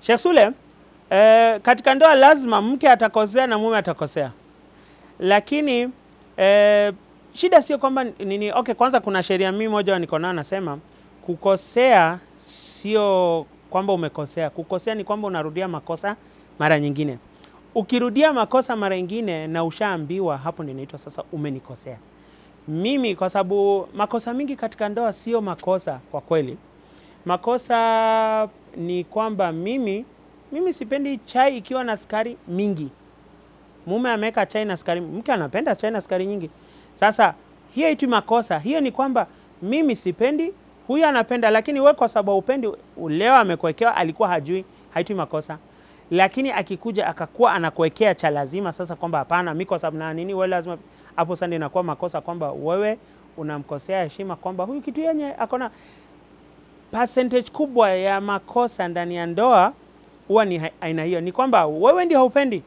Shekh eh, katika ndoa lazima mke atakosea na mume atakosea, lakini eh, shida sio kwamba nini. Okay, kwanza kuna sheria mimi moja niko nayo nasema kukosea sio kwamba umekosea. Kukosea ni kwamba unarudia makosa mara nyingine. Ukirudia makosa mara nyingine na ushaambiwa, hapo ndio inaitwa sasa umenikosea mimi, kwa sababu makosa mingi katika ndoa sio makosa kwa kweli. Makosa ni kwamba mimi mimi sipendi chai ikiwa na sukari mingi. Mume ameweka chai na sukari, mke anapenda chai na sukari nyingi. Sasa hiyo itu makosa, hiyo ni kwamba mimi sipendi, huyu anapenda, lakini we kwa sababu upendi, leo amekuwekewa, alikuwa hajui, haitwi makosa. Lakini akikuja akakuwa anakuwekea cha lazima, sasa kwamba hapana, mi kwa sababu na nini wewe lazima, hapo sasa inakuwa makosa kwamba wewe unamkosea heshima kwamba huyu kitu yenye akona percentage kubwa ya makosa ndani ya ndoa huwa ni aina hiyo, ni kwamba wewe ndio haupendi,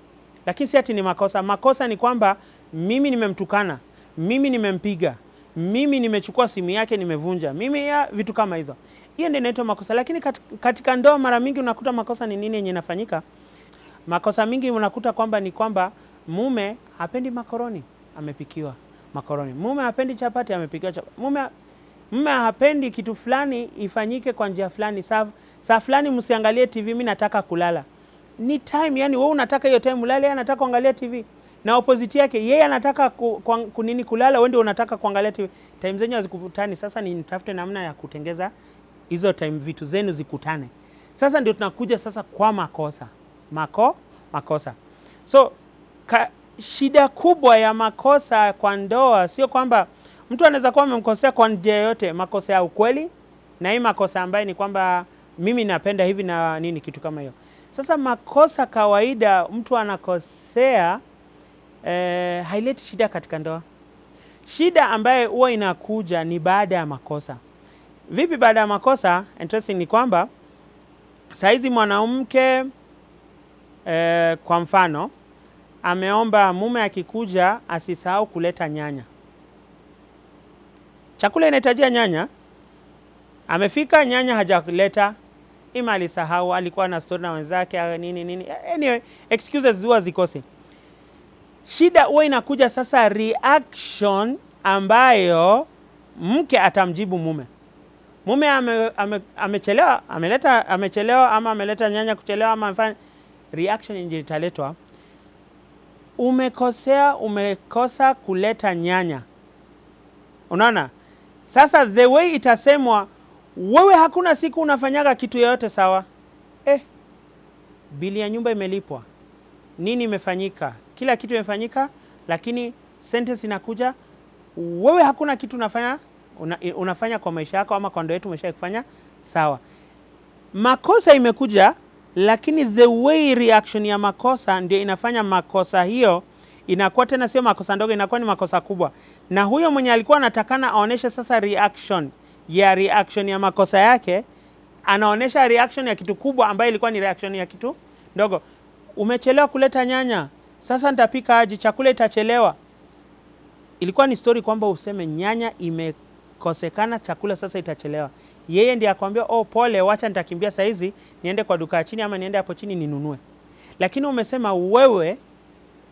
lakini si ati ni makosa. Makosa ni kwamba mimi nimemtukana, mimi nimempiga, mimi nimechukua simu yake nimevunja, mimi ya vitu kama hizo, hiyo ndio inaitwa makosa. Lakini katika ndoa mara mingi unakuta makosa ni nini yenye inafanyika? Makosa mingi unakuta kwamba ni kwamba mume hapendi makoroni, amepikiwa makoroni. Mume hapendi chapati, amepikiwa chapati. Mume mme hapendi kitu fulani ifanyike kwa njia fulani, saa saa fulani msiangalie TV, mimi nataka kulala. Ni time yani, wewe unataka hiyo time ulale, anataka kuangalia TV na opposite yake yeye anataka ku, ku, kunini kulala, wewe ndio unataka kuangalia TV. Time zenyu hazikutani. Sasa ni nitafute namna ya kutengeza hizo time, vitu zenu zikutane. Sasa ndio tunakuja sasa kwa makosa mako makosa. So ka, shida kubwa ya makosa kwa ndoa sio kwamba mtu anaweza kuwa amemkosea kwa njia yoyote, makosa ya ukweli na hii makosa ambaye ni kwamba mimi napenda hivi na nini, kitu kama hiyo. Sasa makosa kawaida mtu anakosea eh, haileti shida katika ndoa. Shida ambaye huwa inakuja ni baada ya makosa. Vipi baada ya makosa? Interesting ni kwamba saizi mwanamke eh, kwa mfano ameomba mume akikuja asisahau kuleta nyanya chakula inahitajia nyanya. Amefika, nyanya hajaleta, ima alisahau, alikuwa na stori na wenzake nini nini, anyway, excuses huwa zikose. Shida huwa inakuja sasa reaction ambayo mke atamjibu mume. Mume ame, ame, amechelewa ameleta amechelewa ama ameleta nyanya kuchelewa ama amefanya reaction yenye italetwa, umekosea, umekosa kuleta nyanya. Unaona? Sasa the way itasemwa, wewe hakuna siku unafanyaga kitu yoyote sawa. Eh, bili ya nyumba imelipwa, nini imefanyika, kila kitu imefanyika, lakini sentence inakuja, wewe hakuna kitu unafanya una, unafanya kwa maisha yako ama kwa ndoa yetu umesha kufanya sawa. Makosa imekuja, lakini the way reaction ya makosa ndio inafanya makosa hiyo inakuwa tena sio makosa ndogo, inakuwa ni makosa kubwa, na huyo mwenye alikuwa anatakana aoneshe sasa reaction ya reaction ya makosa yake, anaonesha reaction ya kitu kubwa ambayo ilikuwa ni reaction ya kitu ndogo. Umechelewa kuleta nyanya, sasa nitapika aje? Chakula itachelewa. Ilikuwa ni story kwamba useme nyanya imekosekana, chakula sasa itachelewa. Yeye ndiye akwambia, oh, pole, wacha nitakimbia saizi niende kwa duka chini ama niende hapo chini ninunue, lakini umesema wewe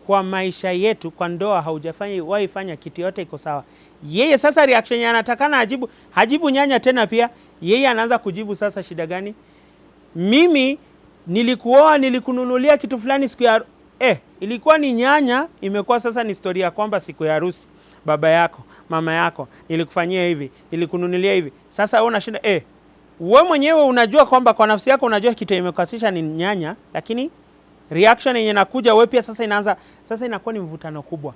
kwa maisha yetu, kwa ndoa haujafanya waifanya kitu yote iko sawa. Yeye sasa reaction yake anatakana ajibu, hajibu nyanya tena, pia yeye anaanza kujibu sasa, shida gani? Mimi nilikuoa nilikununulia kitu fulani siku ya eh, ilikuwa ni nyanya, imekuwa sasa ni historia kwamba siku ya harusi baba yako mama yako nilikufanyia hivi, nilikununulia hivi. Sasa wewe unashinda eh, wewe mwenyewe unajua kwamba kwa nafsi yako unajua kitu imekasisha ni nyanya, lakini reaction yenye nakuja, wewe pia sasa inaanza sasa, inakuwa ni mvutano kubwa,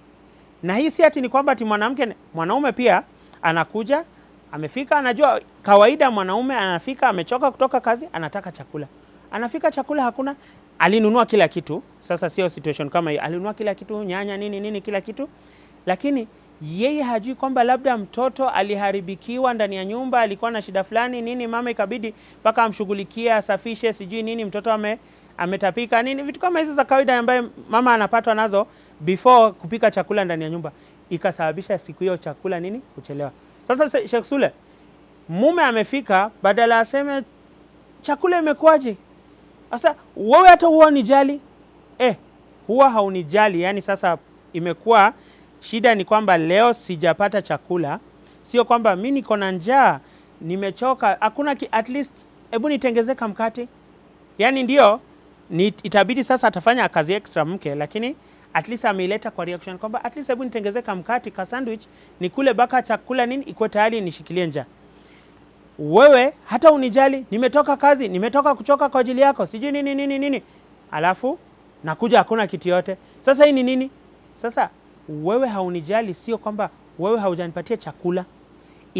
na hii si ati ni kwamba ati mwanamke, mwanaume pia anakuja amefika, anajua kawaida mwanaume anafika amechoka kutoka kazi, anataka chakula, anafika chakula hakuna, alinunua kila kitu. Sasa sio situation kama hiyo, alinunua kila kitu, nyanya nini nini, kila kitu, lakini yeye hajui kwamba labda mtoto aliharibikiwa ndani ya nyumba, alikuwa na shida fulani nini, mama ikabidi mpaka amshughulikie, asafishe, sijui nini, mtoto ame ametapika nini, vitu kama hizo za kawaida ambaye mama anapatwa nazo before kupika chakula ndani ya nyumba, ikasababisha siku hiyo chakula nini kuchelewa. Sasa Sheikh Sule, mume amefika, badala aseme chakula imekuwaje, sasa wewe hata huwa unijali eh, huwa haunijali. Yani sasa imekuwa shida ni kwamba leo sijapata chakula, sio kwamba mi niko na njaa, nimechoka, hakuna at least, hebu nitengezeka mkate, yani ndio ni itabidi sasa atafanya kazi extra mke, lakini at least ameileta kwa reaction kwamba at least hebu nitengeze kamkati ka sandwich nikule baka chakula nini iko tayari nishikilie njaa. Wewe hata unijali, nimetoka kazi, nimetoka kuchoka kwa ajili yako, sijui nini nini nini, alafu nakuja hakuna kitu yote. Sasa hii ni nini? Sasa wewe haunijali, sio kwamba wewe haujanipatia chakula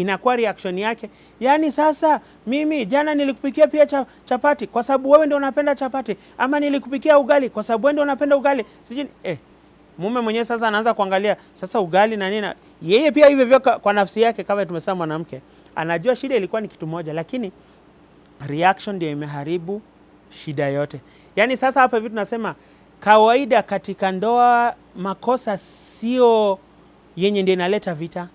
inakuwa reaction yake, yaani sasa mimi jana nilikupikia pia cha, chapati kwa sababu wewe ndio unapenda chapati, ama nilikupikia ugali kwa sababu wewe ndio unapenda ugali sijui eh. Mume mwenyewe sasa anaanza kuangalia sasa ugali na nini, yeye pia hivyo hivyo kwa, kwa nafsi yake, kama tumesema mwanamke anajua shida ilikuwa ni kitu moja, lakini reaction ndio imeharibu shida yote. Yaani sasa hapa hivi tunasema kawaida katika ndoa makosa sio yenye ndio inaleta vita,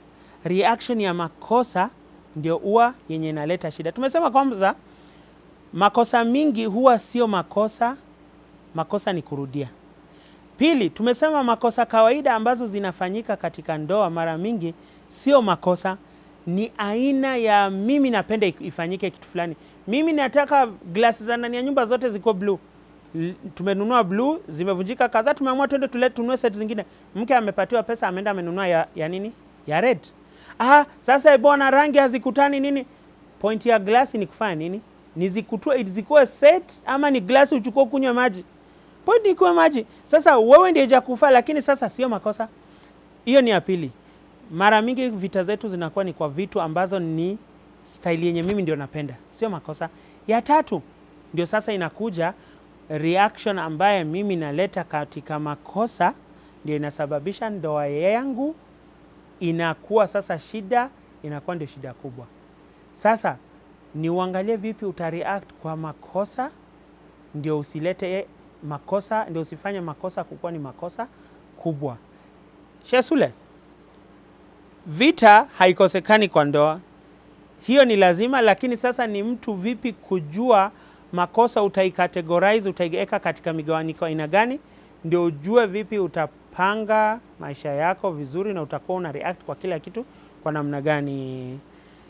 reaction ya makosa ndio huwa yenye inaleta shida. Tumesema kwanza makosa mingi huwa sio makosa, makosa ni kurudia. Pili, tumesema makosa kawaida ambazo zinafanyika katika ndoa mara mingi sio makosa, ni aina ya mimi napenda ifanyike kitu fulani. Mimi nataka glasi za ndani ya nyumba zote ziko bluu, tumenunua bluu, zimevunjika kadhaa, tumeamua twende tulete tunue set zingine. Mke amepatiwa pesa, ameenda amenunua ya, ya nini ya red ah, sasa eh, bwana, rangi hazikutani nini. Point ya glasi ni kufanya nini? Nizikutue zikuwe set ama ni glasi uchukue kunywa maji? Point ikuwe maji. Sasa wewe ndiye jakufa, lakini sasa sio makosa. Hiyo ni ya pili. Mara mingi vita zetu zinakuwa ni kwa vitu ambazo ni staili yenye mimi ndio napenda, sio makosa. Ya tatu ndio sasa inakuja reaction ambaye mimi naleta katika makosa, ndio inasababisha ndoa yangu inakuwa sasa shida inakuwa ndio shida kubwa. Sasa ni uangalie vipi utareact kwa makosa, ndio usilete e, makosa, ndio usifanye makosa kukuwa ni makosa kubwa. Shesule, vita haikosekani kwa ndoa, hiyo ni lazima, lakini sasa ni mtu vipi kujua makosa, utaikategorize utaiweka katika migawanyiko aina gani, ndio ujue vipi uta panga maisha yako vizuri na utakuwa una react kwa kila kitu kwa namna gani